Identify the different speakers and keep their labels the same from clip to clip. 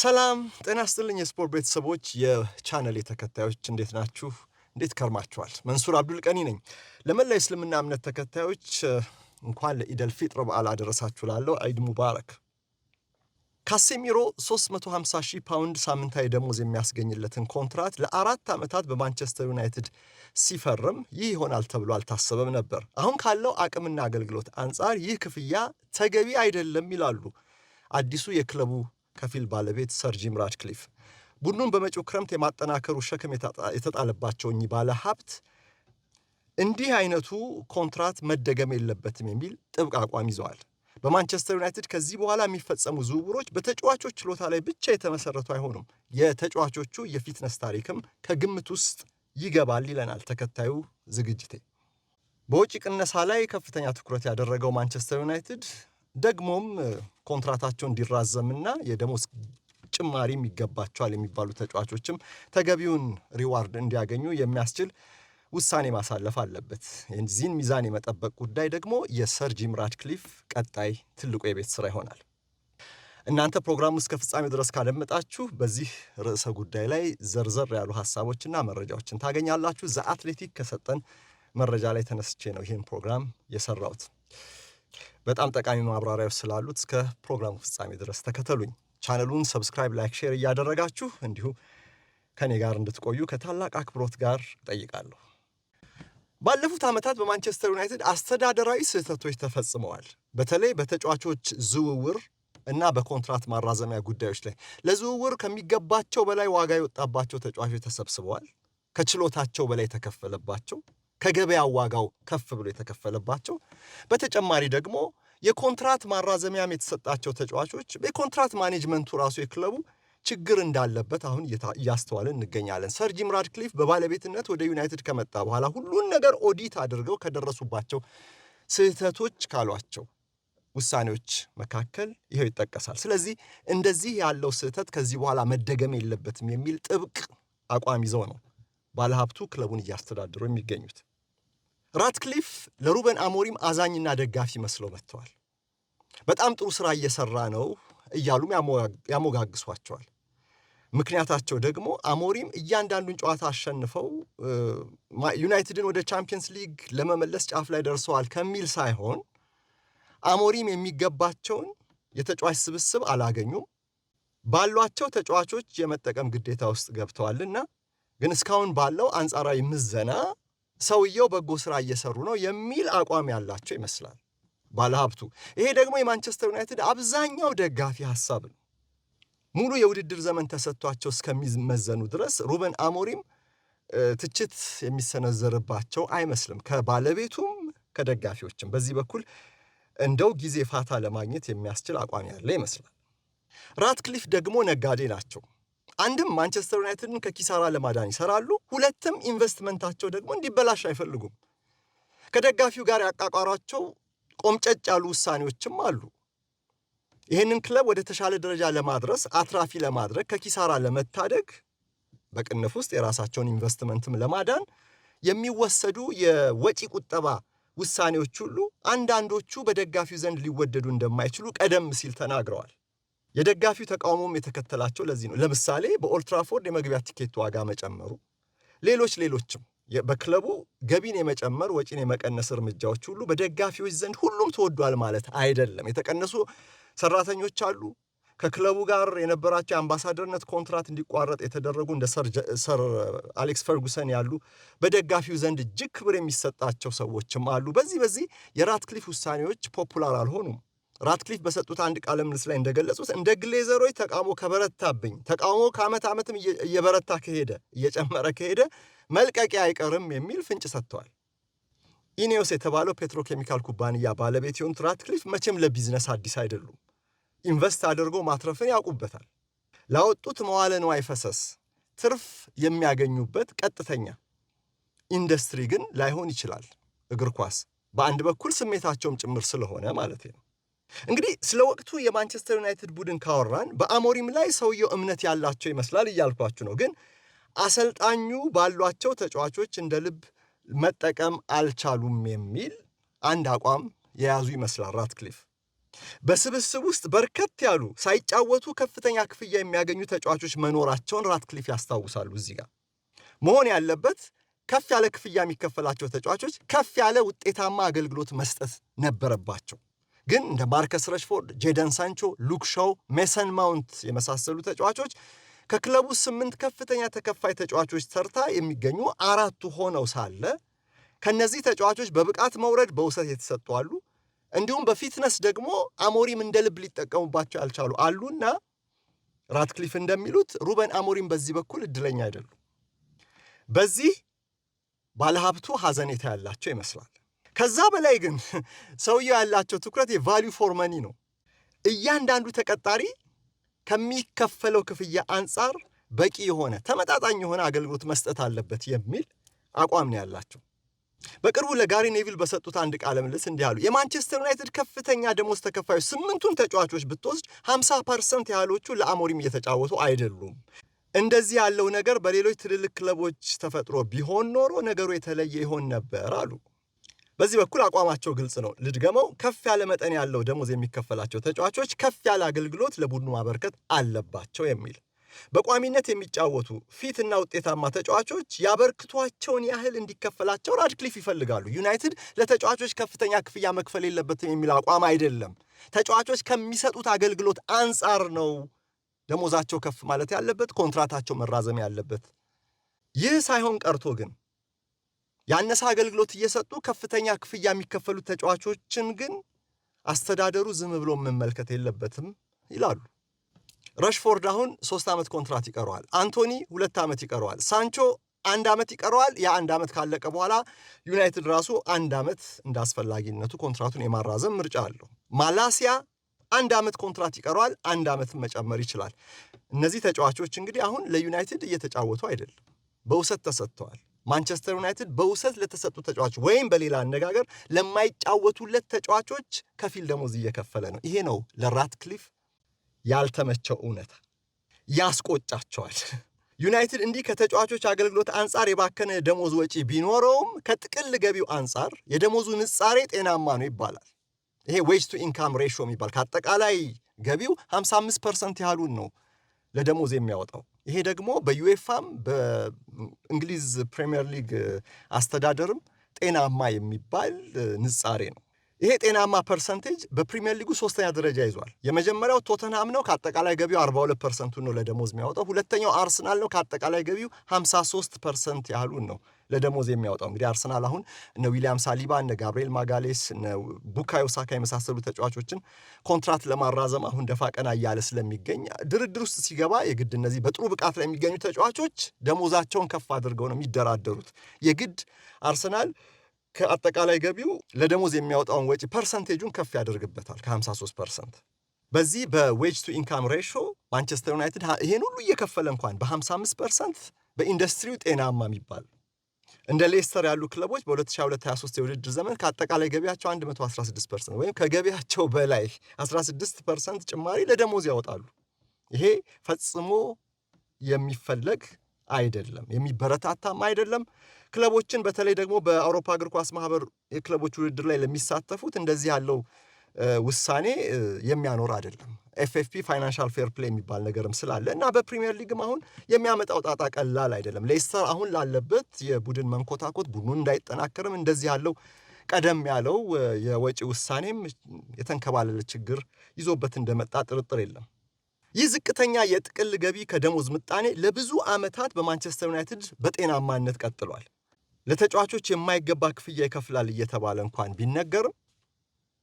Speaker 1: ሰላም ጤና ስጥልኝ የስፖርት ቤተሰቦች የቻነሌ ተከታዮች እንዴት ናችሁ? እንዴት ከርማችኋል? መንሱር አብዱልቀኒ ነኝ። ለመላ የእስልምና እምነት ተከታዮች እንኳን ለኢደል ፊጥር በዓል አደረሳችሁ። ላለው አይድ ሙባረክ። ካሴሚሮ 350 ሺህ ፓውንድ ሳምንታዊ ደሞዝ የሚያስገኝለትን ኮንትራት ለአራት ዓመታት በማንቸስተር ዩናይትድ ሲፈርም ይህ ይሆናል ተብሎ አልታሰበም ነበር። አሁን ካለው አቅምና አገልግሎት አንጻር ይህ ክፍያ ተገቢ አይደለም ይላሉ አዲሱ የክለቡ ከፊል ባለቤት ሰር ጂም ራትክሊፍ ቡድኑን በመጪው ክረምት የማጠናከሩ ሸክም የተጣለባቸው እኚህ ባለ ሀብት እንዲህ አይነቱ ኮንትራት መደገም የለበትም የሚል ጥብቅ አቋም ይዘዋል። በማንቸስተር ዩናይትድ ከዚህ በኋላ የሚፈጸሙ ዝውውሮች በተጫዋቾች ችሎታ ላይ ብቻ የተመሰረቱ አይሆኑም፣ የተጫዋቾቹ የፊትነስ ታሪክም ከግምት ውስጥ ይገባል ይለናል ተከታዩ ዝግጅቴ። በውጪ ቅነሳ ላይ ከፍተኛ ትኩረት ያደረገው ማንቸስተር ዩናይትድ ደግሞም ኮንትራታቸው እንዲራዘምና የደሞዝ ጭማሪም ይገባቸዋል የሚባሉ ተጫዋቾችም ተገቢውን ሪዋርድ እንዲያገኙ የሚያስችል ውሳኔ ማሳለፍ አለበት። የዚህን ሚዛን የመጠበቅ ጉዳይ ደግሞ የሰር ጂም ራድክሊፍ ቀጣይ ትልቁ የቤት ስራ ይሆናል። እናንተ ፕሮግራሙ እስከ ፍጻሜ ድረስ ካደመጣችሁ በዚህ ርዕሰ ጉዳይ ላይ ዘርዘር ያሉ ሀሳቦችና መረጃዎችን ታገኛላችሁ። ዘአትሌቲክ ከሰጠን መረጃ ላይ ተነስቼ ነው ይህን ፕሮግራም የሰራሁት። በጣም ጠቃሚ ማብራሪያዎች ስላሉት እስከ ፕሮግራሙ ፍጻሜ ድረስ ተከተሉኝ። ቻነሉን ሰብስክራይብ፣ ላይክ፣ ሼር እያደረጋችሁ እንዲሁ ከኔ ጋር እንድትቆዩ ከታላቅ አክብሮት ጋር እጠይቃለሁ። ባለፉት ዓመታት በማንቸስተር ዩናይትድ አስተዳደራዊ ስህተቶች ተፈጽመዋል። በተለይ በተጫዋቾች ዝውውር እና በኮንትራት ማራዘሚያ ጉዳዮች ላይ ለዝውውር ከሚገባቸው በላይ ዋጋ የወጣባቸው ተጫዋቾች ተሰብስበዋል። ከችሎታቸው በላይ ተከፈለባቸው ከገበያው ዋጋው ከፍ ብሎ የተከፈለባቸው በተጨማሪ ደግሞ የኮንትራት ማራዘሚያም የተሰጣቸው ተጫዋቾች በኮንትራት ማኔጅመንቱ ራሱ የክለቡ ችግር እንዳለበት አሁን እያስተዋልን እንገኛለን። ሰር ጂም ራድክሊፍ በባለቤትነት ወደ ዩናይትድ ከመጣ በኋላ ሁሉን ነገር ኦዲት አድርገው ከደረሱባቸው ስህተቶች ካሏቸው ውሳኔዎች መካከል ይኸው ይጠቀሳል። ስለዚህ እንደዚህ ያለው ስህተት ከዚህ በኋላ መደገም የለበትም የሚል ጥብቅ አቋም ይዘው ነው ባለሀብቱ ክለቡን እያስተዳደሩ የሚገኙት። ራትክሊፍ ለሩበን አሞሪም አዛኝና ደጋፊ መስሎ መጥተዋል። በጣም ጥሩ ስራ እየሰራ ነው እያሉም ያሞጋግሷቸዋል። ምክንያታቸው ደግሞ አሞሪም እያንዳንዱን ጨዋታ አሸንፈው ዩናይትድን ወደ ቻምፒየንስ ሊግ ለመመለስ ጫፍ ላይ ደርሰዋል ከሚል ሳይሆን አሞሪም የሚገባቸውን የተጫዋች ስብስብ አላገኙም፣ ባሏቸው ተጫዋቾች የመጠቀም ግዴታ ውስጥ ገብተዋልና ግን እስካሁን ባለው አንጻራዊ ምዘና ሰውየው በጎ ስራ እየሰሩ ነው የሚል አቋም ያላቸው ይመስላል ባለሀብቱ። ይሄ ደግሞ የማንቸስተር ዩናይትድ አብዛኛው ደጋፊ ሀሳብ ነው። ሙሉ የውድድር ዘመን ተሰጥቷቸው እስከሚመዘኑ ድረስ ሩበን አሞሪም ትችት የሚሰነዘርባቸው አይመስልም፣ ከባለቤቱም ከደጋፊዎችም። በዚህ በኩል እንደው ጊዜ ፋታ ለማግኘት የሚያስችል አቋም ያለ ይመስላል። ራትክሊፍ ደግሞ ነጋዴ ናቸው። አንድም ማንቸስተር ዩናይትድን ከኪሳራ ለማዳን ይሰራሉ፣ ሁለትም ኢንቨስትመንታቸው ደግሞ እንዲበላሽ አይፈልጉም። ከደጋፊው ጋር ያቃቋሯቸው ቆምጨጭ ያሉ ውሳኔዎችም አሉ። ይህንን ክለብ ወደ ተሻለ ደረጃ ለማድረስ አትራፊ ለማድረግ ከኪሳራ ለመታደግ በቅንፍ ውስጥ የራሳቸውን ኢንቨስትመንትም ለማዳን የሚወሰዱ የወጪ ቁጠባ ውሳኔዎች ሁሉ አንዳንዶቹ በደጋፊው ዘንድ ሊወደዱ እንደማይችሉ ቀደም ሲል ተናግረዋል። የደጋፊው ተቃውሞም የተከተላቸው ለዚህ ነው። ለምሳሌ በኦልትራፎርድ የመግቢያ ቲኬት ዋጋ መጨመሩ፣ ሌሎች ሌሎችም በክለቡ ገቢን የመጨመር ወጪን የመቀነስ እርምጃዎች ሁሉ በደጋፊዎች ዘንድ ሁሉም ተወዷል ማለት አይደለም። የተቀነሱ ሰራተኞች አሉ። ከክለቡ ጋር የነበራቸው የአምባሳደርነት ኮንትራት እንዲቋረጥ የተደረጉ እንደ ሰር አሌክስ ፈርጉሰን ያሉ በደጋፊው ዘንድ እጅግ ክብር የሚሰጣቸው ሰዎችም አሉ። በዚህ በዚህ የራትክሊፍ ውሳኔዎች ፖፑላር አልሆኑም። ራትክሊፍ በሰጡት አንድ ቃለ ምልልስ ላይ እንደገለጹት እንደ ግሌዘሮች ተቃውሞ ከበረታብኝ፣ ተቃውሞ ከዓመት ዓመትም እየበረታ ከሄደ እየጨመረ ከሄደ መልቀቂ አይቀርም የሚል ፍንጭ ሰጥተዋል። ኢኔዮስ የተባለው ፔትሮኬሚካል ኩባንያ ባለቤት የሆኑት ራትክሊፍ መቼም ለቢዝነስ አዲስ አይደሉም። ኢንቨስት አድርጎ ማትረፍን ያውቁበታል። ላወጡት መዋለ ንዋይ ፈሰስ ትርፍ የሚያገኙበት ቀጥተኛ ኢንዱስትሪ ግን ላይሆን ይችላል እግር ኳስ በአንድ በኩል ስሜታቸውም ጭምር ስለሆነ ማለት ነው። እንግዲህ ስለ ወቅቱ የማንቸስተር ዩናይትድ ቡድን ካወራን በአሞሪም ላይ ሰውየው እምነት ያላቸው ይመስላል እያልኳችሁ ነው። ግን አሰልጣኙ ባሏቸው ተጫዋቾች እንደ ልብ መጠቀም አልቻሉም የሚል አንድ አቋም የያዙ ይመስላል ራትክሊፍ። በስብስብ ውስጥ በርከት ያሉ ሳይጫወቱ ከፍተኛ ክፍያ የሚያገኙ ተጫዋቾች መኖራቸውን ራትክሊፍ ያስታውሳሉ። እዚህ ጋር መሆን ያለበት ከፍ ያለ ክፍያ የሚከፈላቸው ተጫዋቾች ከፍ ያለ ውጤታማ አገልግሎት መስጠት ነበረባቸው። ግን እንደ ማርከስ ረሽፎርድ፣ ጄደን ሳንቾ፣ ሉክ ሾው፣ ሜሰን ማውንት የመሳሰሉ ተጫዋቾች ከክለቡ ስምንት ከፍተኛ ተከፋይ ተጫዋቾች ተርታ የሚገኙ አራቱ ሆነው ሳለ ከነዚህ ተጫዋቾች በብቃት መውረድ በውሰት የተሰጡ አሉ። እንዲሁም በፊትነስ ደግሞ አሞሪም እንደ ልብ ሊጠቀሙባቸው ያልቻሉ አሉና ራትክሊፍ እንደሚሉት ሩበን አሞሪም በዚህ በኩል እድለኛ አይደሉም። በዚህ ባለሀብቱ ሀዘኔታ ያላቸው ይመስላል። ከዛ በላይ ግን ሰውየው ያላቸው ትኩረት የቫሊዩ ፎር መኒ ነው። እያንዳንዱ ተቀጣሪ ከሚከፈለው ክፍያ አንጻር በቂ የሆነ ተመጣጣኝ የሆነ አገልግሎት መስጠት አለበት የሚል አቋም ነው ያላቸው። በቅርቡ ለጋሪ ኔቪል በሰጡት አንድ ቃለ ምልልስ እንዲህ አሉ። የማንቸስተር ዩናይትድ ከፍተኛ ደሞዝ ተከፋዮች ስምንቱን ተጫዋቾች ብትወስድ 50 ፐርሰንት ያህሎቹ ለአሞሪም እየተጫወቱ አይደሉም። እንደዚህ ያለው ነገር በሌሎች ትልልቅ ክለቦች ተፈጥሮ ቢሆን ኖሮ ነገሩ የተለየ ይሆን ነበር አሉ። በዚህ በኩል አቋማቸው ግልጽ ነው። ልድገመው፣ ከፍ ያለ መጠን ያለው ደሞዝ የሚከፈላቸው ተጫዋቾች ከፍ ያለ አገልግሎት ለቡድኑ ማበርከት አለባቸው የሚል በቋሚነት የሚጫወቱ ፊትና ውጤታማ ተጫዋቾች ያበርክቷቸውን ያህል እንዲከፈላቸው ራድክሊፍ ይፈልጋሉ። ዩናይትድ ለተጫዋቾች ከፍተኛ ክፍያ መክፈል የለበትም የሚል አቋም አይደለም። ተጫዋቾች ከሚሰጡት አገልግሎት አንጻር ነው ደሞዛቸው ከፍ ማለት ያለበት፣ ኮንትራታቸው መራዘም ያለበት። ይህ ሳይሆን ቀርቶ ግን ያነሰ አገልግሎት እየሰጡ ከፍተኛ ክፍያ የሚከፈሉ ተጫዋቾችን ግን አስተዳደሩ ዝም ብሎ መመልከት የለበትም ይላሉ። ረሽፎርድ አሁን ሶስት ዓመት ኮንትራት ይቀረዋል። አንቶኒ ሁለት ዓመት ይቀረዋል። ሳንቾ አንድ ዓመት ይቀረዋል። ያ አንድ ዓመት ካለቀ በኋላ ዩናይትድ ራሱ አንድ ዓመት እንደ አስፈላጊነቱ ኮንትራቱን የማራዘም ምርጫ አለው። ማላሲያ አንድ ዓመት ኮንትራት ይቀረዋል። አንድ ዓመት መጨመር ይችላል። እነዚህ ተጫዋቾች እንግዲህ አሁን ለዩናይትድ እየተጫወቱ አይደለም፣ በውሰት ተሰጥተዋል። ማንቸስተር ዩናይትድ በውሰት ለተሰጡ ተጫዋቾች ወይም በሌላ አነጋገር ለማይጫወቱለት ተጫዋቾች ከፊል ደሞዝ እየከፈለ ነው። ይሄ ነው ለራትክሊፍ ያልተመቸው እውነታ፣ ያስቆጫቸዋል። ዩናይትድ እንዲህ ከተጫዋቾች አገልግሎት አንጻር የባከነ ደሞዝ ወጪ ቢኖረውም ከጥቅል ገቢው አንጻር የደሞዙ ንጻሬ ጤናማ ነው ይባላል። ይሄ ዌጅ ቱ ኢንካም ሬሾ የሚባል ከአጠቃላይ ገቢው 55 ፐርሰንት ያህሉን ነው ለደሞዝ የሚያወጣው። ይሄ ደግሞ በዩኤፋም በእንግሊዝ ፕሪምየር ሊግ አስተዳደርም ጤናማ የሚባል ንጻሬ ነው። ይሄ ጤናማ ፐርሰንቴጅ በፕሪምየር ሊጉ ሶስተኛ ደረጃ ይዟል። የመጀመሪያው ቶተንሃም ነው፣ ከአጠቃላይ ገቢው 42 ፐርሰንቱን ነው ለደሞዝ የሚያወጣው። ሁለተኛው አርሰናል ነው፣ ከአጠቃላይ ገቢው 53 ፐርሰንት ያህሉን ነው ለደሞዝ የሚያወጣው። እንግዲህ አርሰናል አሁን እነ ዊሊያም ሳሊባ፣ እነ ጋብርኤል ማጋሌስ፣ እነ ቡካዮ ሳካ የመሳሰሉ ተጫዋቾችን ኮንትራት ለማራዘም አሁን ደፋ ቀና እያለ ስለሚገኝ ድርድር ውስጥ ሲገባ የግድ እነዚህ በጥሩ ብቃት ላይ የሚገኙ ተጫዋቾች ደሞዛቸውን ከፍ አድርገው ነው የሚደራደሩት። የግድ አርሰናል ከአጠቃላይ ገቢው ለደሞዝ የሚያወጣውን ወጪ ፐርሰንቴጁን ከፍ ያደርግበታል ከ53 ፐርሰንት። በዚህ በዌጅ ቱ ኢንካም ሬሾ ማንቸስተር ዩናይትድ ይሄን ሁሉ እየከፈለ እንኳን በ55 ፐርሰንት በኢንዱስትሪው ጤናማ የሚባል እንደ ሌስተር ያሉ ክለቦች በ2022/23 የውድድር ዘመን ከአጠቃላይ ገቢያቸው 116 ፐርሰንት ወይም ከገቢያቸው በላይ 16 ፐርሰንት ጭማሪ ለደሞዝ ያወጣሉ። ይሄ ፈጽሞ የሚፈለግ አይደለም፣ የሚበረታታም አይደለም። ክለቦችን በተለይ ደግሞ በአውሮፓ እግር ኳስ ማህበር የክለቦች ውድድር ላይ ለሚሳተፉት እንደዚህ ያለው ውሳኔ የሚያኖር አይደለም። ኤፍኤፍፒ ፋይናንሻል ፌር ፕሌይ የሚባል ነገርም ስላለ እና በፕሪሚየር ሊግም አሁን የሚያመጣው ጣጣ ቀላል አይደለም። ሌስተር አሁን ላለበት የቡድን መንኮታኮት ቡድኑን እንዳይጠናከርም እንደዚህ ያለው ቀደም ያለው የወጪ ውሳኔም የተንከባለለ ችግር ይዞበት እንደመጣ ጥርጥር የለም። ይህ ዝቅተኛ የጥቅል ገቢ ከደሞዝ ምጣኔ ለብዙ ዓመታት በማንቸስተር ዩናይትድ በጤናማነት ቀጥሏል። ለተጫዋቾች የማይገባ ክፍያ ይከፍላል እየተባለ እንኳን ቢነገርም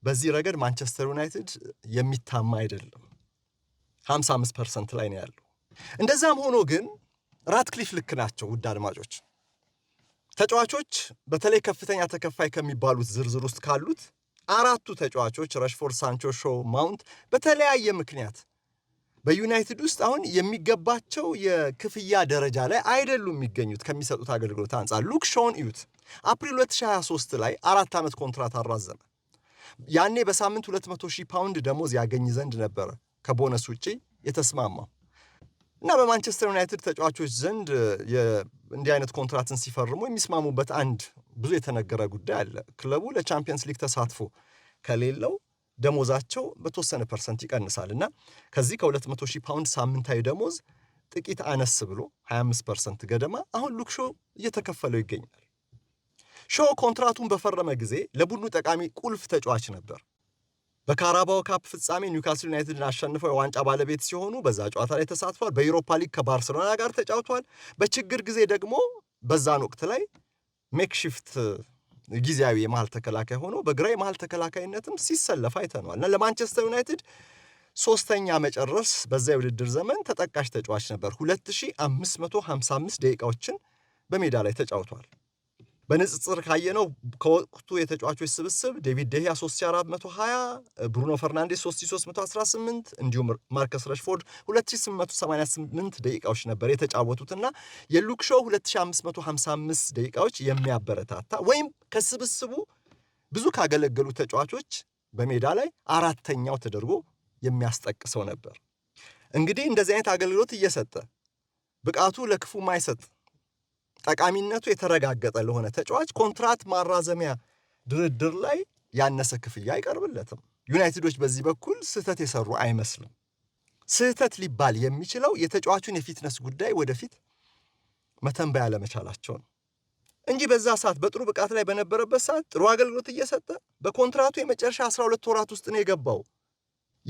Speaker 1: በዚህ ረገድ ማንቸስተር ዩናይትድ የሚታማ አይደለም። 55 ፐርሰንት ላይ ነው ያለው። እንደዛም ሆኖ ግን ራትክሊፍ ልክ ናቸው። ውድ አድማጮች፣ ተጫዋቾች በተለይ ከፍተኛ ተከፋይ ከሚባሉት ዝርዝር ውስጥ ካሉት አራቱ ተጫዋቾች ረሽፎርድ፣ ሳንቾ፣ ሾው፣ ማውንት በተለያየ ምክንያት በዩናይትድ ውስጥ አሁን የሚገባቸው የክፍያ ደረጃ ላይ አይደሉም የሚገኙት ከሚሰጡት አገልግሎት አንጻር። ሉክ ሾውን እዩት። አፕሪል 2023 ላይ አራት ዓመት ኮንትራት አራዘመ። ያኔ በሳምንት 200 ሺህ ፓውንድ ደሞዝ ያገኝ ዘንድ ነበረ ከቦነስ ውጪ የተስማማው እና በማንቸስተር ዩናይትድ ተጫዋቾች ዘንድ እንዲህ አይነት ኮንትራትን ሲፈርሙ የሚስማሙበት አንድ ብዙ የተነገረ ጉዳይ አለ። ክለቡ ለቻምፒየንስ ሊግ ተሳትፎ ከሌለው ደሞዛቸው በተወሰነ ፐርሰንት ይቀንሳል እና ከዚህ ከ200 ሺህ ፓውንድ ሳምንታዊ ደሞዝ ጥቂት አነስ ብሎ 25 ፐርሰንት ገደማ አሁን ሉክሾ እየተከፈለው ይገኛል። ሾ ኮንትራቱን በፈረመ ጊዜ ለቡድኑ ጠቃሚ ቁልፍ ተጫዋች ነበር። በካራባው ካፕ ፍጻሜ ኒውካስል ዩናይትድን አሸንፈው የዋንጫ ባለቤት ሲሆኑ በዛ ጨዋታ ላይ ተሳትፏል። በዩሮፓ ሊግ ከባርሰሎና ጋር ተጫውቷል። በችግር ጊዜ ደግሞ በዛን ወቅት ላይ ሜክሽፍት ጊዜያዊ የመሀል ተከላካይ ሆኖ በግራ የመሀል ተከላካይነትም ሲሰለፍ አይተነዋል እና ለማንቸስተር ዩናይትድ ሶስተኛ መጨረስ በዛ የውድድር ዘመን ተጠቃሽ ተጫዋች ነበር። 2555 ደቂቃዎችን በሜዳ ላይ ተጫውቷል። በንጽጽር ካየነው ከወቅቱ የተጫዋቾች ስብስብ ዴቪድ ደህያ 3420፣ ብሩኖ ፈርናንዴስ 3318 እንዲሁም ማርከስ ረሽፎርድ 2888 ደቂቃዎች ነበር የተጫወቱትና የሉክ ሾው 2555 ደቂቃዎች የሚያበረታታ ወይም ከስብስቡ ብዙ ካገለገሉ ተጫዋቾች በሜዳ ላይ አራተኛው ተደርጎ የሚያስጠቅሰው ነበር። እንግዲህ እንደዚህ አይነት አገልግሎት እየሰጠ ብቃቱ ለክፉ ማይሰጥ ጠቃሚነቱ የተረጋገጠ ለሆነ ተጫዋች ኮንትራት ማራዘሚያ ድርድር ላይ ያነሰ ክፍያ አይቀርብለትም። ዩናይትዶች በዚህ በኩል ስህተት የሰሩ አይመስልም። ስህተት ሊባል የሚችለው የተጫዋቹን የፊትነስ ጉዳይ ወደፊት መተንበያ ለመቻላቸው ነው እንጂ በዛ ሰዓት በጥሩ ብቃት ላይ በነበረበት ሰዓት ጥሩ አገልግሎት እየሰጠ በኮንትራቱ የመጨረሻ 12 ወራት ውስጥ ነው የገባው።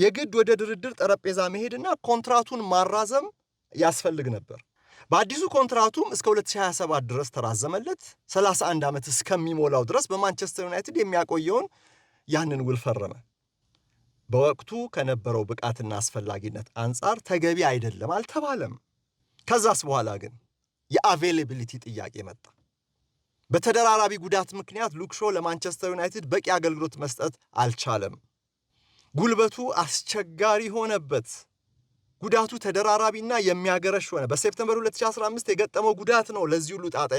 Speaker 1: የግድ ወደ ድርድር ጠረጴዛ መሄድና ኮንትራቱን ማራዘም ያስፈልግ ነበር። በአዲሱ ኮንትራቱም እስከ 2027 ድረስ ተራዘመለት። 31 ዓመት እስከሚሞላው ድረስ በማንቸስተር ዩናይትድ የሚያቆየውን ያንን ውል ፈረመ። በወቅቱ ከነበረው ብቃትና አስፈላጊነት አንጻር ተገቢ አይደለም አልተባለም። ከዛስ በኋላ ግን የአቬሌቢሊቲ ጥያቄ መጣ። በተደራራቢ ጉዳት ምክንያት ሉክሾ ለማንቸስተር ዩናይትድ በቂ አገልግሎት መስጠት አልቻለም። ጉልበቱ አስቸጋሪ ሆነበት። ጉዳቱ ተደራራቢና የሚያገረሽ ሆነ። በሴፕተምበር 2015 የገጠመው ጉዳት ነው ለዚህ ሁሉ ጣጣ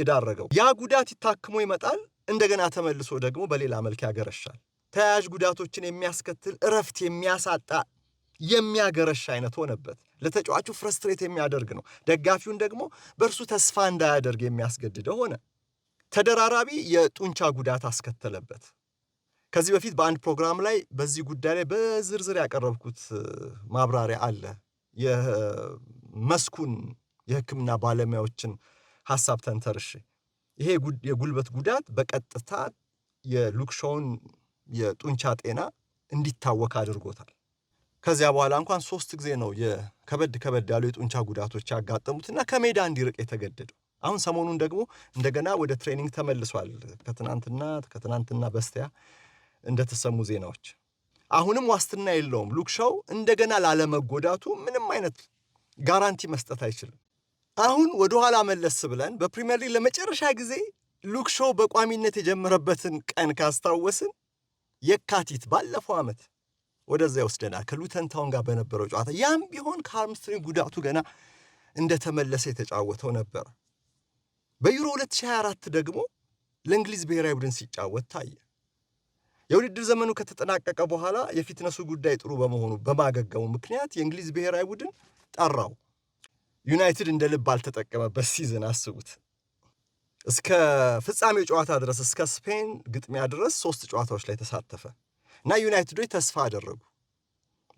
Speaker 1: የዳረገው። ያ ጉዳት ይታክሞ ይመጣል፣ እንደገና ተመልሶ ደግሞ በሌላ መልክ ያገረሻል። ተያያዥ ጉዳቶችን የሚያስከትል እረፍት የሚያሳጣ የሚያገረሽ አይነት ሆነበት። ለተጫዋቹ ፍረስትሬት የሚያደርግ ነው። ደጋፊውን ደግሞ በእርሱ ተስፋ እንዳያደርግ የሚያስገድደው ሆነ። ተደራራቢ የጡንቻ ጉዳት አስከተለበት። ከዚህ በፊት በአንድ ፕሮግራም ላይ በዚህ ጉዳይ ላይ በዝርዝር ያቀረብኩት ማብራሪያ አለ። የመስኩን የሕክምና ባለሙያዎችን ሀሳብ ተንተርሽ ይሄ የጉልበት ጉዳት በቀጥታ የሉክሾውን የጡንቻ ጤና እንዲታወክ አድርጎታል። ከዚያ በኋላ እንኳን ሶስት ጊዜ ነው የከበድ ከበድ ያሉ የጡንቻ ጉዳቶች ያጋጠሙትና ከሜዳ እንዲርቅ የተገደደው። አሁን ሰሞኑን ደግሞ እንደገና ወደ ትሬኒንግ ተመልሷል። ከትናንትና ከትናንትና በስቲያ እንደተሰሙ ዜናዎች አሁንም ዋስትና የለውም። ሉክሻው እንደገና ላለመጎዳቱ ምንም አይነት ጋራንቲ መስጠት አይችልም። አሁን ወደኋላ መለስ ብለን በፕሪምየር ሊግ ለመጨረሻ ጊዜ ሉክሾው በቋሚነት የጀመረበትን ቀን ካስታወስን የካቲት ባለፈው ዓመት ወደዛ ይወስደናል ከሉተን ታውን ጋር በነበረው ጨዋታ። ያም ቢሆን ከአርምስትሪንግ ጉዳቱ ገና እንደተመለሰ የተጫወተው ነበር። በዩሮ 2024 ደግሞ ለእንግሊዝ ብሔራዊ ቡድን ሲጫወት ታየ። የውድድር ዘመኑ ከተጠናቀቀ በኋላ የፊትነሱ ጉዳይ ጥሩ በመሆኑ በማገገሙ ምክንያት የእንግሊዝ ብሔራዊ ቡድን ጠራው። ዩናይትድ እንደ ልብ አልተጠቀመበት ሲዝን አስቡት። እስከ ፍጻሜው ጨዋታ ድረስ እስከ ስፔን ግጥሚያ ድረስ ሶስት ጨዋታዎች ላይ ተሳተፈ እና ዩናይትዶች ተስፋ አደረጉ።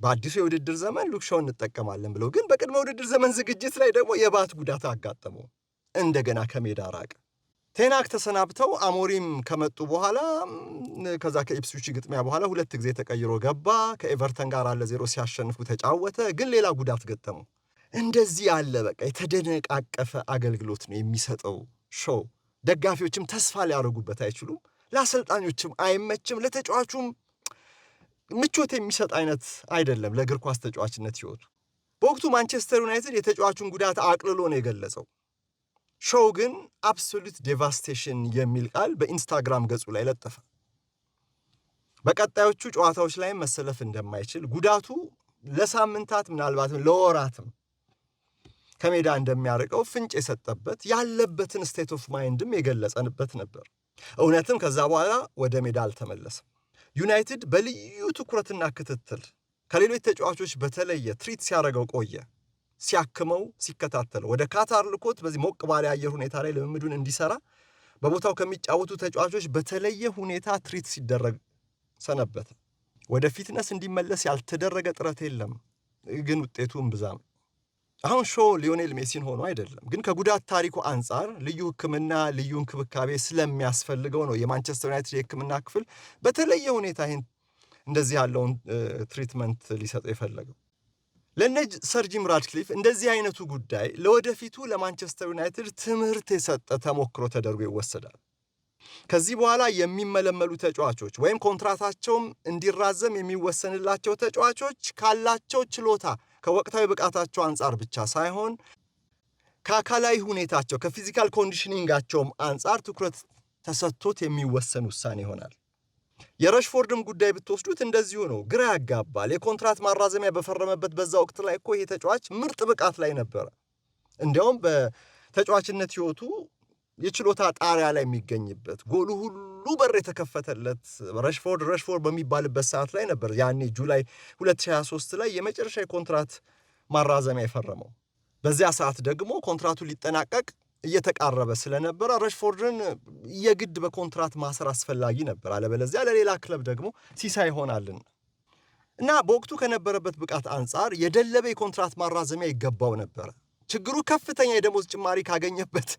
Speaker 1: በአዲሱ የውድድር ዘመን ሉክሾው እንጠቀማለን ብለው ግን በቅድመ ውድድር ዘመን ዝግጅት ላይ ደግሞ የባት ጉዳት አጋጠመው። እንደገና ከሜዳ ራቀ። ቴናክ ተሰናብተው አሞሪም ከመጡ በኋላ ከዛ ከኢፕስዊች ግጥሚያ በኋላ ሁለት ጊዜ ተቀይሮ ገባ። ከኤቨርተን ጋር አለ ዜሮ ሲያሸንፉ ተጫወተ፣ ግን ሌላ ጉዳት ገጠሙ። እንደዚህ ያለ በቃ የተደነቃቀፈ አገልግሎት ነው የሚሰጠው ሾው። ደጋፊዎችም ተስፋ ሊያደርጉበት አይችሉም፣ ለአሰልጣኞችም አይመችም፣ ለተጫዋቹም ምቾት የሚሰጥ አይነት አይደለም ለእግር ኳስ ተጫዋችነት ይወቱ በወቅቱ ማንቸስተር ዩናይትድ የተጫዋቹን ጉዳት አቅልሎ ነው የገለጸው። ሾው ግን አብሶሉት ዴቫስቴሽን የሚል ቃል በኢንስታግራም ገጹ ላይ ለጠፈ። በቀጣዮቹ ጨዋታዎች ላይ መሰለፍ እንደማይችል ጉዳቱ ለሳምንታት ምናልባትም ለወራትም ከሜዳ እንደሚያርቀው ፍንጭ የሰጠበት ያለበትን ስቴት ኦፍ ማይንድም የገለጸንበት ነበር። እውነትም ከዛ በኋላ ወደ ሜዳ አልተመለሰም። ዩናይትድ በልዩ ትኩረትና ክትትል ከሌሎች ተጫዋቾች በተለየ ትሪት ሲያደርገው ቆየ። ሲያክመው ሲከታተለው ወደ ካታር ልኮት በዚህ ሞቅ ባለ አየር ሁኔታ ላይ ልምምዱን እንዲሰራ በቦታው ከሚጫወቱ ተጫዋቾች በተለየ ሁኔታ ትሪት ሲደረግ ሰነበተ። ወደ ፊትነስ እንዲመለስ ያልተደረገ ጥረት የለም፣ ግን ውጤቱ እምብዛም። አሁን ሾ ሊዮኔል ሜሲን ሆኖ አይደለም፣ ግን ከጉዳት ታሪኩ አንጻር ልዩ ሕክምና ልዩ እንክብካቤ ስለሚያስፈልገው ነው የማንቸስተር ዩናይትድ የሕክምና ክፍል በተለየ ሁኔታ ይህን እንደዚህ ያለውን ትሪትመንት ሊሰጠው የፈለገው። ለነ ሰር ጂም ራድክሊፍ እንደዚህ አይነቱ ጉዳይ ለወደፊቱ ለማንቸስተር ዩናይትድ ትምህርት የሰጠ ተሞክሮ ተደርጎ ይወሰዳል። ከዚህ በኋላ የሚመለመሉ ተጫዋቾች ወይም ኮንትራታቸውም እንዲራዘም የሚወሰንላቸው ተጫዋቾች ካላቸው ችሎታ ከወቅታዊ ብቃታቸው አንጻር ብቻ ሳይሆን ከአካላዊ ሁኔታቸው ከፊዚካል ኮንዲሽኒንጋቸውም አንጻር ትኩረት ተሰጥቶት የሚወሰን ውሳኔ ይሆናል። የረሽፎርድም ጉዳይ ብትወስዱት እንደዚሁ ነው። ግራ ያጋባል። የኮንትራት ማራዘሚያ በፈረመበት በዛ ወቅት ላይ እኮ ይሄ ተጫዋች ምርጥ ብቃት ላይ ነበረ። እንዲያውም በተጫዋችነት ህይወቱ የችሎታ ጣሪያ ላይ የሚገኝበት ጎሉ ሁሉ በር የተከፈተለት ረሽፎርድ ረሽፎርድ በሚባልበት ሰዓት ላይ ነበር። ያኔ ጁላይ 2023 ላይ የመጨረሻ የኮንትራት ማራዘሚያ የፈረመው። በዚያ ሰዓት ደግሞ ኮንትራቱ ሊጠናቀቅ እየተቃረበ ስለነበረ ረሽፎርድን የግድ በኮንትራት ማሰር አስፈላጊ ነበር። አለበለዚያ ለሌላ ክለብ ደግሞ ሲሳይ ይሆናልን እና በወቅቱ ከነበረበት ብቃት አንጻር የደለበ የኮንትራት ማራዘሚያ ይገባው ነበረ። ችግሩ ከፍተኛ የደሞዝ ጭማሪ ካገኘበት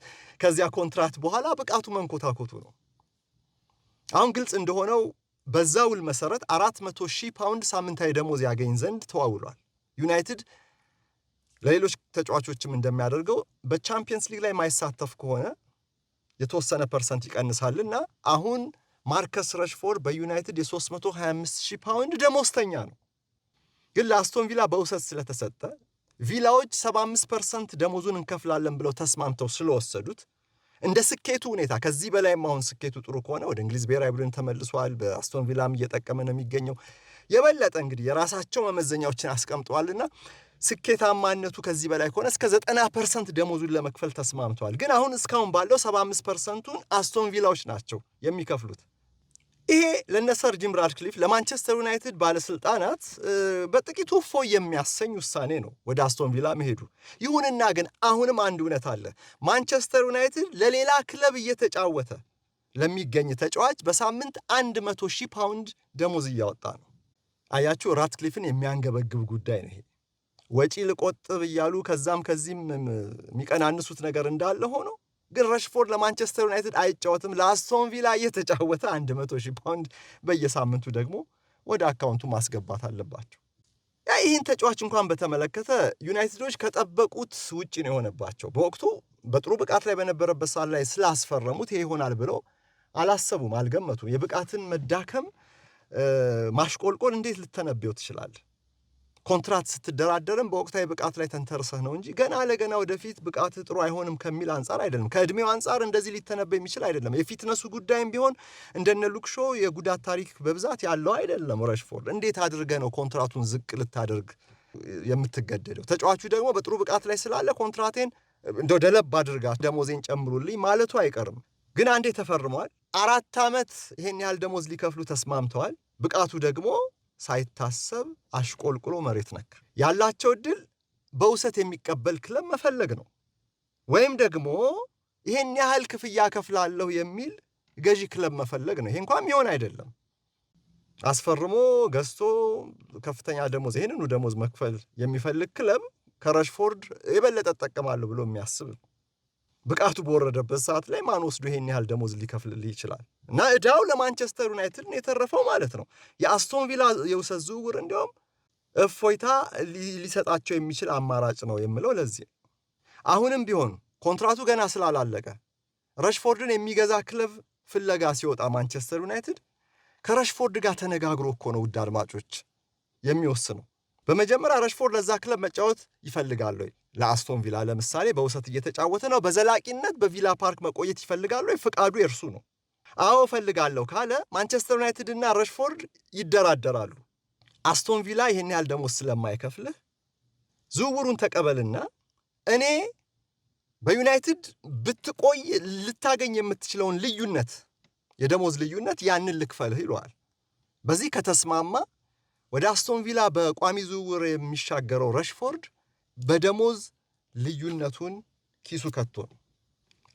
Speaker 1: ከዚያ ኮንትራት በኋላ ብቃቱ መንኮታኮቱ ነው። አሁን ግልጽ እንደሆነው በዛ ውል መሰረት አራት መቶ ሺህ ፓውንድ ሳምንታዊ ደሞዝ ያገኝ ዘንድ ተዋውሏል ዩናይትድ ለሌሎች ተጫዋቾችም እንደሚያደርገው በቻምፒየንስ ሊግ ላይ ማይሳተፍ ከሆነ የተወሰነ ፐርሰንት እና አሁን ማርከስ ረሽፎርድ በዩናይትድ የ325 ሺህ ፓውንድ ደሞዝተኛ ነው። ግን ለአስቶን ቪላ በውሰት ስለተሰጠ ቪላዎች 75 ፐርሰንት ደሞዙን እንከፍላለን ብለው ተስማምተው ስለወሰዱት እንደ ስኬቱ ሁኔታ ከዚህ በላይም አሁን ስኬቱ ጥሩ ከሆነ ወደ እንግሊዝ ብሔራዊ ቡድን ተመልሷል። በአስቶን ቪላም እየጠቀመ ነው የሚገኘው። የበለጠ እንግዲህ የራሳቸው መመዘኛዎችን አስቀምጠዋልና ስኬታማነቱ ከዚህ በላይ ከሆነ እስከ 90 ፐርሰንት ደሞዙን ለመክፈል ተስማምተዋል። ግን አሁን እስካሁን ባለው 75 ፐርሰንቱን አስቶን ቪላዎች ናቸው የሚከፍሉት። ይሄ ለነሰር ጂም ራድክሊፍ ለማንቸስተር ዩናይትድ ባለስልጣናት በጥቂቱ ፎ የሚያሰኝ ውሳኔ ነው ወደ አስቶን ቪላ መሄዱ። ይሁንና ግን አሁንም አንድ እውነት አለ። ማንቸስተር ዩናይትድ ለሌላ ክለብ እየተጫወተ ለሚገኝ ተጫዋች በሳምንት 100 ሺህ ፓውንድ ደሞዝ እያወጣ ነው። አያችሁ፣ ራትክሊፍን የሚያንገበግብ ጉዳይ ነው ይሄ። ወጪ ልቆጥብ እያሉ ከዛም ከዚህም የሚቀናንሱት ነገር እንዳለ ሆኖ ግን ረሽፎርድ ለማንቸስተር ዩናይትድ አይጫወትም። ለአስቶን ቪላ እየተጫወተ አንድ መቶ ሺህ ፓውንድ በየሳምንቱ ደግሞ ወደ አካውንቱ ማስገባት አለባቸው። ያ ይህን ተጫዋች እንኳን በተመለከተ ዩናይትዶች ከጠበቁት ውጭ ነው የሆነባቸው። በወቅቱ በጥሩ ብቃት ላይ በነበረበት ሰዓት ላይ ስላስፈረሙት ይሄ ይሆናል ብለው አላሰቡም፣ አልገመቱም። የብቃትን መዳከም ማሽቆልቆል እንዴት ልተነብዮ ትችላል? ኮንትራት ስትደራደርም በወቅታዊ ብቃት ላይ ተንተርሰህ ነው እንጂ ገና ለገና ወደፊት ብቃት ጥሩ አይሆንም ከሚል አንጻር አይደለም። ከእድሜው አንጻር እንደዚህ ሊተነበይ የሚችል አይደለም። የፊትነሱ ጉዳይም ቢሆን እንደነ ሉክሾ የጉዳት ታሪክ በብዛት ያለው አይደለም። ረሽፎርድ እንዴት አድርገ ነው ኮንትራቱን ዝቅ ልታደርግ የምትገደደው? ተጫዋቹ ደግሞ በጥሩ ብቃት ላይ ስላለ ኮንትራቴን እንደ ደለብ አድርጋ ደሞዜን ጨምሩልኝ ማለቱ አይቀርም። ግን አንዴ ተፈርሟል። አራት ዓመት ይሄን ያህል ደሞዝ ሊከፍሉ ተስማምተዋል። ብቃቱ ደግሞ ሳይታሰብ አሽቆልቁሎ መሬት ነካ ያላቸው እድል በውሰት የሚቀበል ክለብ መፈለግ ነው፣ ወይም ደግሞ ይሄን ያህል ክፍያ ከፍላለሁ የሚል ገዢ ክለብ መፈለግ ነው። ይሄ እንኳም ይሆን አይደለም። አስፈርሞ ገዝቶ ከፍተኛ ደሞዝ ይህንኑ ደሞዝ መክፈል የሚፈልግ ክለብ ከረሽፎርድ የበለጠ እጠቀማለሁ ብሎ የሚያስብ ነው። ብቃቱ በወረደበት ሰዓት ላይ ማን ወስዶ ይሄን ያህል ደሞዝ ሊከፍልልህ ይችላል? እና እዳው ለማንቸስተር ዩናይትድ ነው የተረፈው ማለት ነው። የአስቶን ቪላ የውሰት ዝውውር እንዲሁም እፎይታ ሊሰጣቸው የሚችል አማራጭ ነው የምለው ለዚህ አሁንም ቢሆን ኮንትራቱ ገና ስላላለቀ ረሽፎርድን የሚገዛ ክለብ ፍለጋ ሲወጣ ማንቸስተር ዩናይትድ ከረሽፎርድ ጋር ተነጋግሮ እኮ ነው ውድ አድማጮች የሚወስነው። በመጀመሪያ ረሽፎርድ ለዛ ክለብ መጫወት ይፈልጋል ወይ ለአስቶን ቪላ ለምሳሌ በውሰት እየተጫወተ ነው። በዘላቂነት በቪላ ፓርክ መቆየት ይፈልጋሉ ወይ? ፍቃዱ የእርሱ ነው። አዎ እፈልጋለሁ ካለ ማንቸስተር ዩናይትድ እና ረሽፎርድ ይደራደራሉ። አስቶን ቪላ ይህን ያህል ደሞዝ ስለማይከፍልህ ዝውውሩን ተቀበልና እኔ በዩናይትድ ብትቆይ ልታገኝ የምትችለውን ልዩነት የደሞዝ ልዩነት ያንን ልክፈልህ ይለዋል። በዚህ ከተስማማ ወደ አስቶን ቪላ በቋሚ ዝውውር የሚሻገረው ረሽፎርድ በደሞዝ ልዩነቱን ኪሱ ከቶ ነው።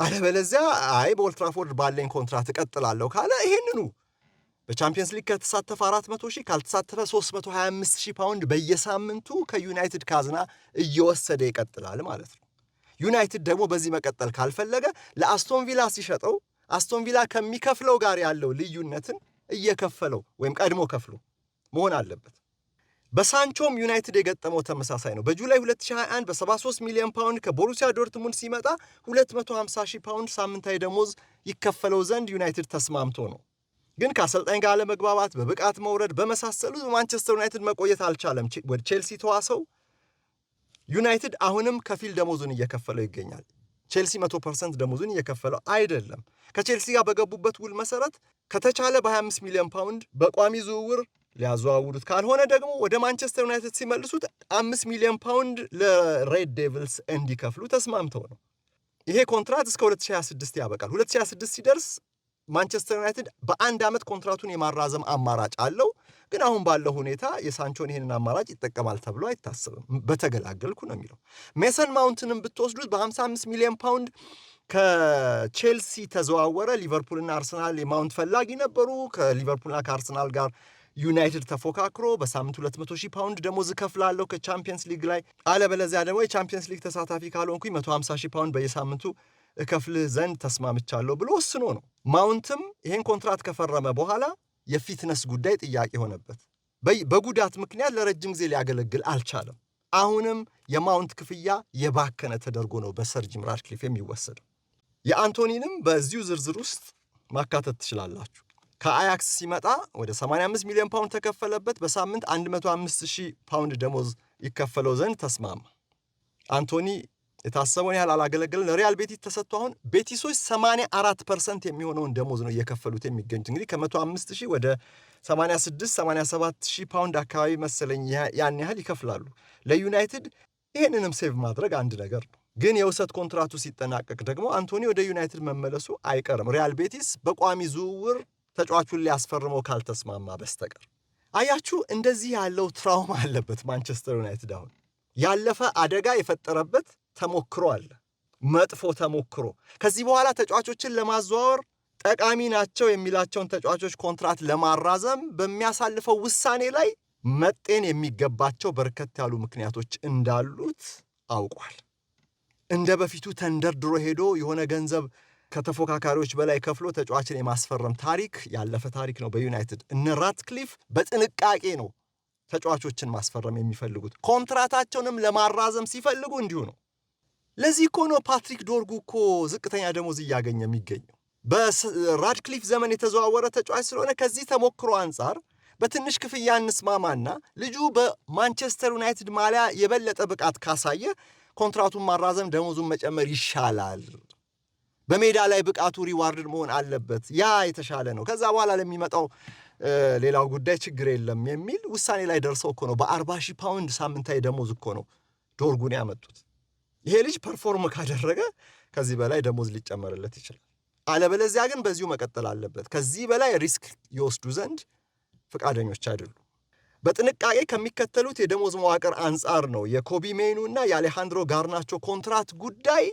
Speaker 1: አለበለዚያ አይ በኦልትራፎርድ ባለኝ ኮንትራት እቀጥላለሁ ካለ ይሄንኑ በቻምፒየንስ ሊግ ከተሳተፈ 400 ሺህ ካልተሳተፈ 325 ሺህ ፓውንድ በየሳምንቱ ከዩናይትድ ካዝና እየወሰደ ይቀጥላል ማለት ነው። ዩናይትድ ደግሞ በዚህ መቀጠል ካልፈለገ ለአስቶን ቪላ ሲሸጠው አስቶን ቪላ ከሚከፍለው ጋር ያለው ልዩነትን እየከፈለው ወይም ቀድሞ ከፍሎ መሆን አለበት። በሳንቾም ዩናይትድ የገጠመው ተመሳሳይ ነው። በጁላይ 2021 በ73 ሚሊዮን ፓውንድ ከቦሩሲያ ዶርትሙንድ ሲመጣ 250 ሺህ ፓውንድ ሳምንታዊ ደሞዝ ይከፈለው ዘንድ ዩናይትድ ተስማምቶ ነው። ግን ከአሰልጣኝ ጋር አለመግባባት፣ በብቃት መውረድ በመሳሰሉ በማንቸስተር ዩናይትድ መቆየት አልቻለም። ወደ ቼልሲ ተዋሰው። ዩናይትድ አሁንም ከፊል ደሞዙን እየከፈለው ይገኛል። ቼልሲ 100 ደሞዙን እየከፈለው አይደለም። ከቼልሲ ጋር በገቡበት ውል መሰረት ከተቻለ በ25 ሚሊዮን ፓውንድ በቋሚ ዝውውር ሊያዘዋውሩት ካልሆነ ደግሞ ወደ ማንቸስተር ዩናይትድ ሲመልሱት አምስት ሚሊዮን ፓውንድ ለሬድ ዴቪልስ እንዲከፍሉ ተስማምተው ነው። ይሄ ኮንትራት እስከ 2026 ያበቃል። 2026 ሲደርስ ማንቸስተር ዩናይትድ በአንድ ዓመት ኮንትራቱን የማራዘም አማራጭ አለው። ግን አሁን ባለው ሁኔታ የሳንቾን ይህንን አማራጭ ይጠቀማል ተብሎ አይታሰብም። በተገላገልኩ ነው የሚለው። ሜሰን ማውንትንም ብትወስዱት በ55 ሚሊዮን ፓውንድ ከቼልሲ ተዘዋወረ። ሊቨርፑልና አርሰናል የማውንት ፈላጊ ነበሩ። ከሊቨርፑልና ከአርሰናል ጋር ዩናይትድ ተፎካክሮ በሳምንት 200 ሺህ ፓውንድ ደሞዝ እከፍላለሁ ከቻምፒየንስ ሊግ ላይ አለበለዚያ ደግሞ የቻምፒየንስ ሊግ ተሳታፊ ካልሆንኩኝ 150 ሺህ ፓውንድ በየሳምንቱ እከፍልህ ዘንድ ተስማምቻለሁ ብሎ ወስኖ ነው። ማውንትም ይሄን ኮንትራት ከፈረመ በኋላ የፊትነስ ጉዳይ ጥያቄ ሆነበት። በጉዳት ምክንያት ለረጅም ጊዜ ሊያገለግል አልቻለም። አሁንም የማውንት ክፍያ የባከነ ተደርጎ ነው በሰር ጂም ራትክሊፍ የሚወሰደው። የአንቶኒንም በዚሁ ዝርዝር ውስጥ ማካተት ትችላላችሁ። ከአያክስ ሲመጣ ወደ 85 ሚሊዮን ፓውንድ ተከፈለበት። በሳምንት 105000 ፓውንድ ደሞዝ ይከፈለው ዘንድ ተስማማ። አንቶኒ የታሰበውን ያህል አላገለገለም። ለሪያል ቤቲስ ተሰጥቶ አሁን ቤቲሶች 84 ፐርሰንት የሚሆነውን ደሞዝ ነው እየከፈሉት የሚገኙት። እንግዲህ ከ105 ሺህ ወደ 86 87 ሺህ ፓውንድ አካባቢ መሰለኝ ያን ያህል ይከፍላሉ። ለዩናይትድ ይህንንም ሴቭ ማድረግ አንድ ነገር ነው። ግን የውሰት ኮንትራቱ ሲጠናቀቅ ደግሞ አንቶኒ ወደ ዩናይትድ መመለሱ አይቀርም። ሪያል ቤቲስ በቋሚ ዝውውር ተጫዋቹን ሊያስፈርመው ካልተስማማ በስተቀር አያችሁ፣ እንደዚህ ያለው ትራውማ አለበት ማንቸስተር ዩናይትድ። አሁን ያለፈ አደጋ የፈጠረበት ተሞክሮ አለ፣ መጥፎ ተሞክሮ። ከዚህ በኋላ ተጫዋቾችን ለማዘዋወር ጠቃሚ ናቸው የሚላቸውን ተጫዋቾች ኮንትራት ለማራዘም በሚያሳልፈው ውሳኔ ላይ መጤን የሚገባቸው በርከት ያሉ ምክንያቶች እንዳሉት አውቋል። እንደ በፊቱ ተንደርድሮ ሄዶ የሆነ ገንዘብ ከተፎካካሪዎች በላይ ከፍሎ ተጫዋችን የማስፈረም ታሪክ ያለፈ ታሪክ ነው በዩናይትድ። እነ ራትክሊፍ በጥንቃቄ ነው ተጫዋቾችን ማስፈረም የሚፈልጉት። ኮንትራታቸውንም ለማራዘም ሲፈልጉ እንዲሁ ነው። ለዚህ እኮ ነው ፓትሪክ ዶርጉ እኮ ዝቅተኛ ደሞዝ እያገኘ የሚገኘው። በራድክሊፍ ዘመን የተዘዋወረ ተጫዋች ስለሆነ ከዚህ ተሞክሮ አንጻር በትንሽ ክፍያ እንስማማና ልጁ በማንቸስተር ዩናይትድ ማሊያ የበለጠ ብቃት ካሳየ ኮንትራቱን ማራዘም ደሞዙን መጨመር ይሻላል በሜዳ ላይ ብቃቱ ሪዋርድ መሆን አለበት። ያ የተሻለ ነው። ከዛ በኋላ ለሚመጣው ሌላው ጉዳይ ችግር የለም የሚል ውሳኔ ላይ ደርሰው እኮ ነው በአርባ ሺህ ፓውንድ ሳምንታዊ ደሞዝ እኮ ነው ዶርጉን ያመጡት። ይሄ ልጅ ፐርፎርም ካደረገ ከዚህ በላይ ደሞዝ ሊጨመርለት ይችላል። አለበለዚያ ግን በዚሁ መቀጠል አለበት። ከዚህ በላይ ሪስክ ይወስዱ ዘንድ ፈቃደኞች አይደሉም። በጥንቃቄ ከሚከተሉት የደሞዝ መዋቅር አንጻር ነው የኮቢ ሜኑ እና የአሌሃንድሮ ጋርናቾ ኮንትራት ጉዳይ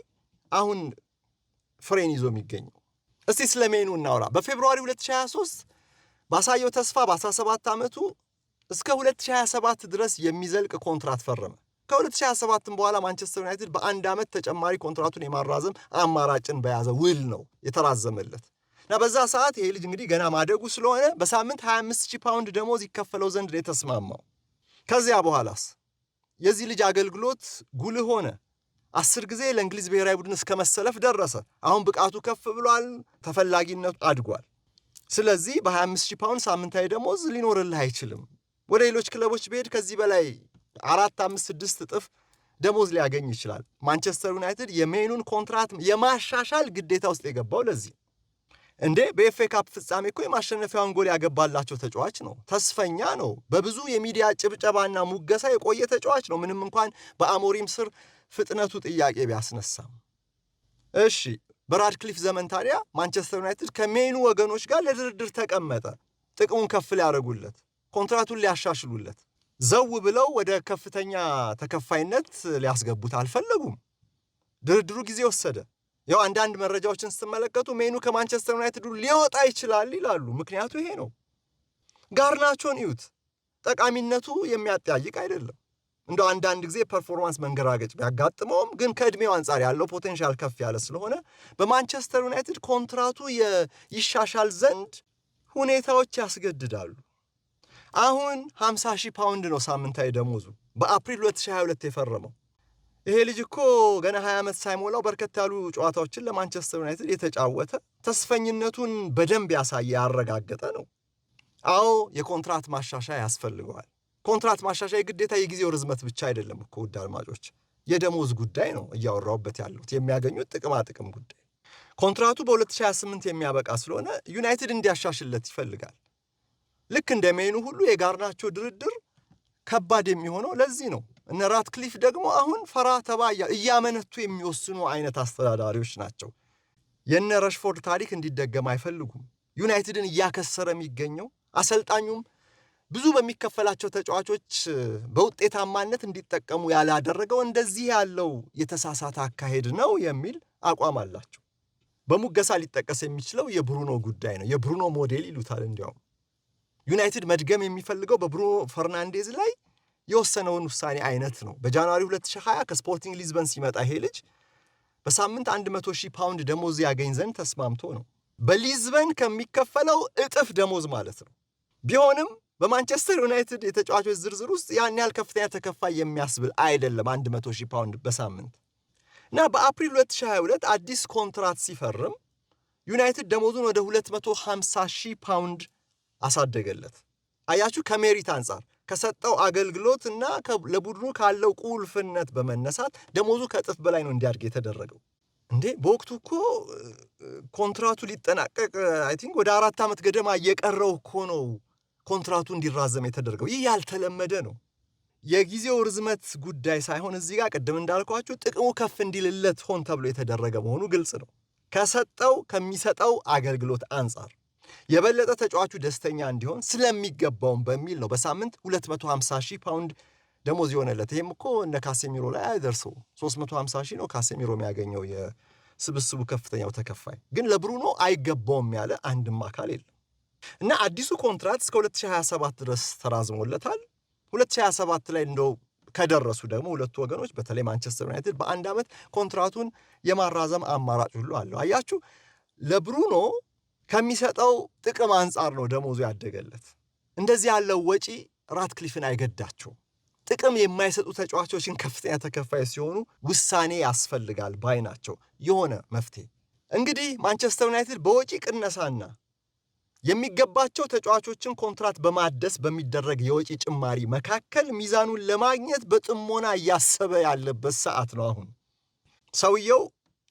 Speaker 1: አሁን ፍሬን ይዞ የሚገኘው። እስቲ ስለ ሜኑ እናውራ። በፌብርዋሪ 2023 ባሳየው ተስፋ በ17 ዓመቱ እስከ 2027 ድረስ የሚዘልቅ ኮንትራት ፈረመ። ከ2027 በኋላ ማንቸስተር ዩናይትድ በአንድ ዓመት ተጨማሪ ኮንትራቱን የማራዘም አማራጭን በያዘ ውል ነው የተራዘመለት እና በዛ ሰዓት ይሄ ልጅ እንግዲህ ገና ማደጉ ስለሆነ በሳምንት 25 ፓውንድ ደሞዝ ይከፈለው ዘንድ ነው የተስማማው። ከዚያ በኋላስ የዚህ ልጅ አገልግሎት ጉልህ ሆነ። አስር ጊዜ ለእንግሊዝ ብሔራዊ ቡድን እስከ መሰለፍ ደረሰ። አሁን ብቃቱ ከፍ ብሏል፣ ተፈላጊነቱ አድጓል። ስለዚህ በ25 ሺህ ፓውንድ ሳምንታዊ ደሞዝ ሊኖርልህ አይችልም። ወደ ሌሎች ክለቦች ብሄድ ከዚህ በላይ አራት፣ አምስት፣ ስድስት እጥፍ ደሞዝ ሊያገኝ ይችላል። ማንቸስተር ዩናይትድ የሜኑን ኮንትራት የማሻሻል ግዴታ ውስጥ የገባው ለዚህ እንዴ በኤፍ ኤ ካፕ ፍጻሜ እኮ የማሸነፊያውን ጎል ያገባላቸው ተጫዋች ነው። ተስፈኛ ነው። በብዙ የሚዲያ ጭብጨባና ሙገሳ የቆየ ተጫዋች ነው። ምንም እንኳን በአሞሪም ስር ፍጥነቱ ጥያቄ ቢያስነሳም እሺ በራድክሊፍ ዘመን ታዲያ ማንቸስተር ዩናይትድ ከሜኑ ወገኖች ጋር ለድርድር ተቀመጠ። ጥቅሙን ከፍ ሊያደርጉለት፣ ኮንትራቱን ሊያሻሽሉለት፣ ዘው ብለው ወደ ከፍተኛ ተከፋይነት ሊያስገቡት አልፈለጉም። ድርድሩ ጊዜ ወሰደ። ያው አንዳንድ መረጃዎችን ስትመለከቱ ሜኑ ከማንቸስተር ዩናይትዱ ሊወጣ ይችላል ይላሉ። ምክንያቱ ይሄ ነው። ጋርናቾን እዩት። ጠቃሚነቱ የሚያጠያይቅ አይደለም። እንደ አንዳንድ ጊዜ ፐርፎርማንስ መንገራገጭ ቢያጋጥመውም ግን ከእድሜው አንጻር ያለው ፖቴንሻል ከፍ ያለ ስለሆነ በማንቸስተር ዩናይትድ ኮንትራቱ ይሻሻል ዘንድ ሁኔታዎች ያስገድዳሉ። አሁን 50 ሺህ ፓውንድ ነው ሳምንታዊ ደሞዙ። በአፕሪል 2022 የፈረመው ይሄ ልጅ እኮ ገና 20 ዓመት ሳይሞላው በርከት ያሉ ጨዋታዎችን ለማንቸስተር ዩናይትድ የተጫወተ ተስፈኝነቱን በደንብ ያሳየ ያረጋገጠ ነው። አዎ የኮንትራት ማሻሻያ ያስፈልገዋል። ኮንትራት ማሻሻያ ግዴታ የጊዜው ርዝመት ብቻ አይደለም እኮ ውድ አድማጮች፣ የደሞዝ ጉዳይ ነው እያወራውበት ያለሁት የሚያገኙት ጥቅማ ጥቅም ጉዳይ። ኮንትራቱ በ2028 የሚያበቃ ስለሆነ ዩናይትድ እንዲያሻሽለት ይፈልጋል። ልክ እንደ ሜኑ ሁሉ የጋርናቸው ድርድር ከባድ የሚሆነው ለዚህ ነው። እነ ራትክሊፍ ደግሞ አሁን ፈራ ተባ እያመነቱ የሚወስኑ አይነት አስተዳዳሪዎች ናቸው። የነ ረሽፎርድ ታሪክ እንዲደገም አይፈልጉም። ዩናይትድን እያከሰረ የሚገኘው አሰልጣኙም ብዙ በሚከፈላቸው ተጫዋቾች በውጤታማነት እንዲጠቀሙ ያላደረገው እንደዚህ ያለው የተሳሳተ አካሄድ ነው የሚል አቋም አላቸው። በሙገሳ ሊጠቀስ የሚችለው የብሩኖ ጉዳይ ነው። የብሩኖ ሞዴል ይሉታል። እንዲያውም ዩናይትድ መድገም የሚፈልገው በብሩኖ ፈርናንዴዝ ላይ የወሰነውን ውሳኔ አይነት ነው። በጃንዋሪ 2020 ከስፖርቲንግ ሊዝበን ሲመጣ ይሄ ልጅ በሳምንት 100 ሺህ ፓውንድ ደሞዝ ያገኝ ዘንድ ተስማምቶ ነው። በሊዝበን ከሚከፈለው እጥፍ ደሞዝ ማለት ነው። ቢሆንም በማንቸስተር ዩናይትድ የተጫዋቾች ዝርዝር ውስጥ ያን ያህል ከፍተኛ ተከፋይ የሚያስብል አይደለም 100 ሺህ ፓውንድ በሳምንት እና በአፕሪል 2022 አዲስ ኮንትራት ሲፈርም ዩናይትድ ደሞዙን ወደ 250 ሺህ ፓውንድ አሳደገለት። አያችሁ፣ ከሜሪት አንጻር ከሰጠው አገልግሎት እና ለቡድኑ ካለው ቁልፍነት በመነሳት ደሞዙ ከእጥፍ በላይ ነው እንዲያድግ የተደረገው። እንዴ በወቅቱ እኮ ኮንትራቱ ሊጠናቀቅ አይ ቲንክ ወደ አራት ዓመት ገደማ እየቀረው እኮ ነው ኮንትራቱ እንዲራዘም የተደረገው። ይህ ያልተለመደ ነው። የጊዜው ርዝመት ጉዳይ ሳይሆን እዚህ ጋር ቅድም እንዳልኳችሁ ጥቅሙ ከፍ እንዲልለት ሆን ተብሎ የተደረገ መሆኑ ግልጽ ነው። ከሰጠው ከሚሰጠው አገልግሎት አንጻር የበለጠ ተጫዋቹ ደስተኛ እንዲሆን ስለሚገባውም በሚል ነው በሳምንት 250 ሺህ ፓውንድ ደሞዝ የሆነለት። ይህም እኮ እነ ካሴሚሮ ላይ አይደርሰው 350 ሺህ ነው ካሴሚሮ የሚያገኘው የስብስቡ ከፍተኛው ተከፋይ። ግን ለብሩኖ አይገባውም ያለ አንድም አካል የለም። እና አዲሱ ኮንትራት እስከ 2027 ድረስ ተራዝሞለታል። 2027 ላይ እንደው ከደረሱ ደግሞ ሁለቱ ወገኖች በተለይ ማንቸስተር ዩናይትድ በአንድ ዓመት ኮንትራቱን የማራዘም አማራጭ ሁሉ አለው። አያችሁ ለብሩኖ ከሚሰጠው ጥቅም አንጻር ነው ደሞዙ ያደገለት። እንደዚህ ያለው ወጪ ራትክሊፍን አይገዳቸው። ጥቅም የማይሰጡ ተጫዋቾችን ከፍተኛ ተከፋይ ሲሆኑ ውሳኔ ያስፈልጋል ባይ ናቸው። የሆነ መፍትሄ እንግዲህ ማንቸስተር ዩናይትድ በወጪ ቅነሳና የሚገባቸው ተጫዋቾችን ኮንትራት በማደስ በሚደረግ የወጪ ጭማሪ መካከል ሚዛኑን ለማግኘት በጥሞና እያሰበ ያለበት ሰዓት ነው። አሁን ሰውየው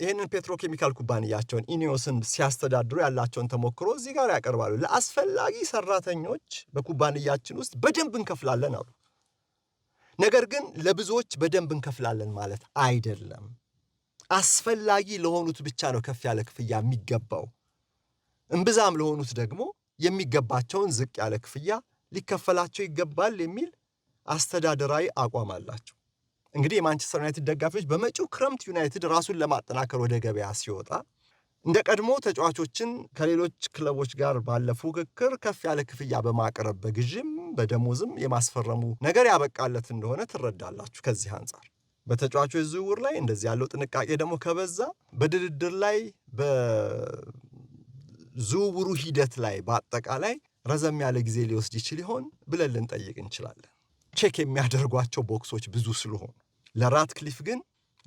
Speaker 1: ይህንን ፔትሮኬሚካል ኩባንያቸውን ኢኒዮስን ሲያስተዳድሩ ያላቸውን ተሞክሮ እዚህ ጋር ያቀርባሉ። ለአስፈላጊ ሰራተኞች በኩባንያችን ውስጥ በደንብ እንከፍላለን አሉ። ነገር ግን ለብዙዎች በደንብ እንከፍላለን ማለት አይደለም። አስፈላጊ ለሆኑት ብቻ ነው ከፍ ያለ ክፍያ የሚገባው። እምብዛም ለሆኑት ደግሞ የሚገባቸውን ዝቅ ያለ ክፍያ ሊከፈላቸው ይገባል የሚል አስተዳደራዊ አቋም አላቸው። እንግዲህ የማንቸስተር ዩናይትድ ደጋፊዎች በመጪው ክረምት ዩናይትድ ራሱን ለማጠናከር ወደ ገበያ ሲወጣ እንደ ቀድሞ ተጫዋቾችን ከሌሎች ክለቦች ጋር ባለ ፉክክር ከፍ ያለ ክፍያ በማቅረብ በግዥም በደሞዝም የማስፈረሙ ነገር ያበቃለት እንደሆነ ትረዳላችሁ። ከዚህ አንጻር በተጫዋቾች ዝውውር ላይ እንደዚህ ያለው ጥንቃቄ ደግሞ ከበዛ በድርድር ላይ ዝውውሩ ሂደት ላይ በአጠቃላይ ረዘም ያለ ጊዜ ሊወስድ ይችል ይሆን ብለን ልንጠይቅ እንችላለን። ቼክ የሚያደርጓቸው ቦክሶች ብዙ ስለሆኑ ለራትክሊፍ ግን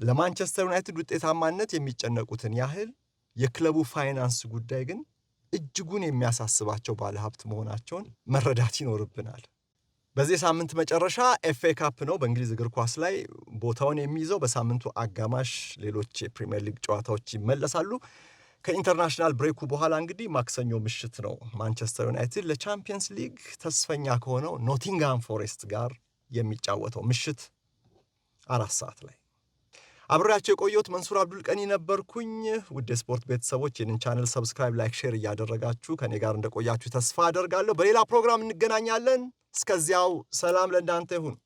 Speaker 1: ለማንቸስተር ዩናይትድ ውጤታማነት የሚጨነቁትን ያህል የክለቡ ፋይናንስ ጉዳይ ግን እጅጉን የሚያሳስባቸው ባለሀብት መሆናቸውን መረዳት ይኖርብናል። በዚህ ሳምንት መጨረሻ ኤፍኤ ካፕ ነው በእንግሊዝ እግር ኳስ ላይ ቦታውን የሚይዘው። በሳምንቱ አጋማሽ ሌሎች የፕሪምየር ሊግ ጨዋታዎች ይመለሳሉ። ከኢንተርናሽናል ብሬኩ በኋላ እንግዲህ ማክሰኞ ምሽት ነው ማንቸስተር ዩናይትድ ለቻምፒየንስ ሊግ ተስፈኛ ከሆነው ኖቲንግሃም ፎሬስት ጋር የሚጫወተው ምሽት አራት ሰዓት ላይ። አብሬያቸው የቆየሁት መንሱር አብዱል ቀኒ ነበርኩኝ። ውድ የስፖርት ቤተሰቦች ይህንን ቻነል ሰብስክራይብ፣ ላይክ፣ ሼር እያደረጋችሁ ከእኔ ጋር እንደቆያችሁ ተስፋ አደርጋለሁ። በሌላ ፕሮግራም እንገናኛለን። እስከዚያው ሰላም ለእናንተ ይሁን።